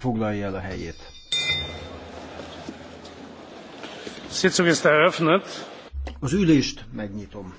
foglalja el a helyét. Az ülést megnyitom.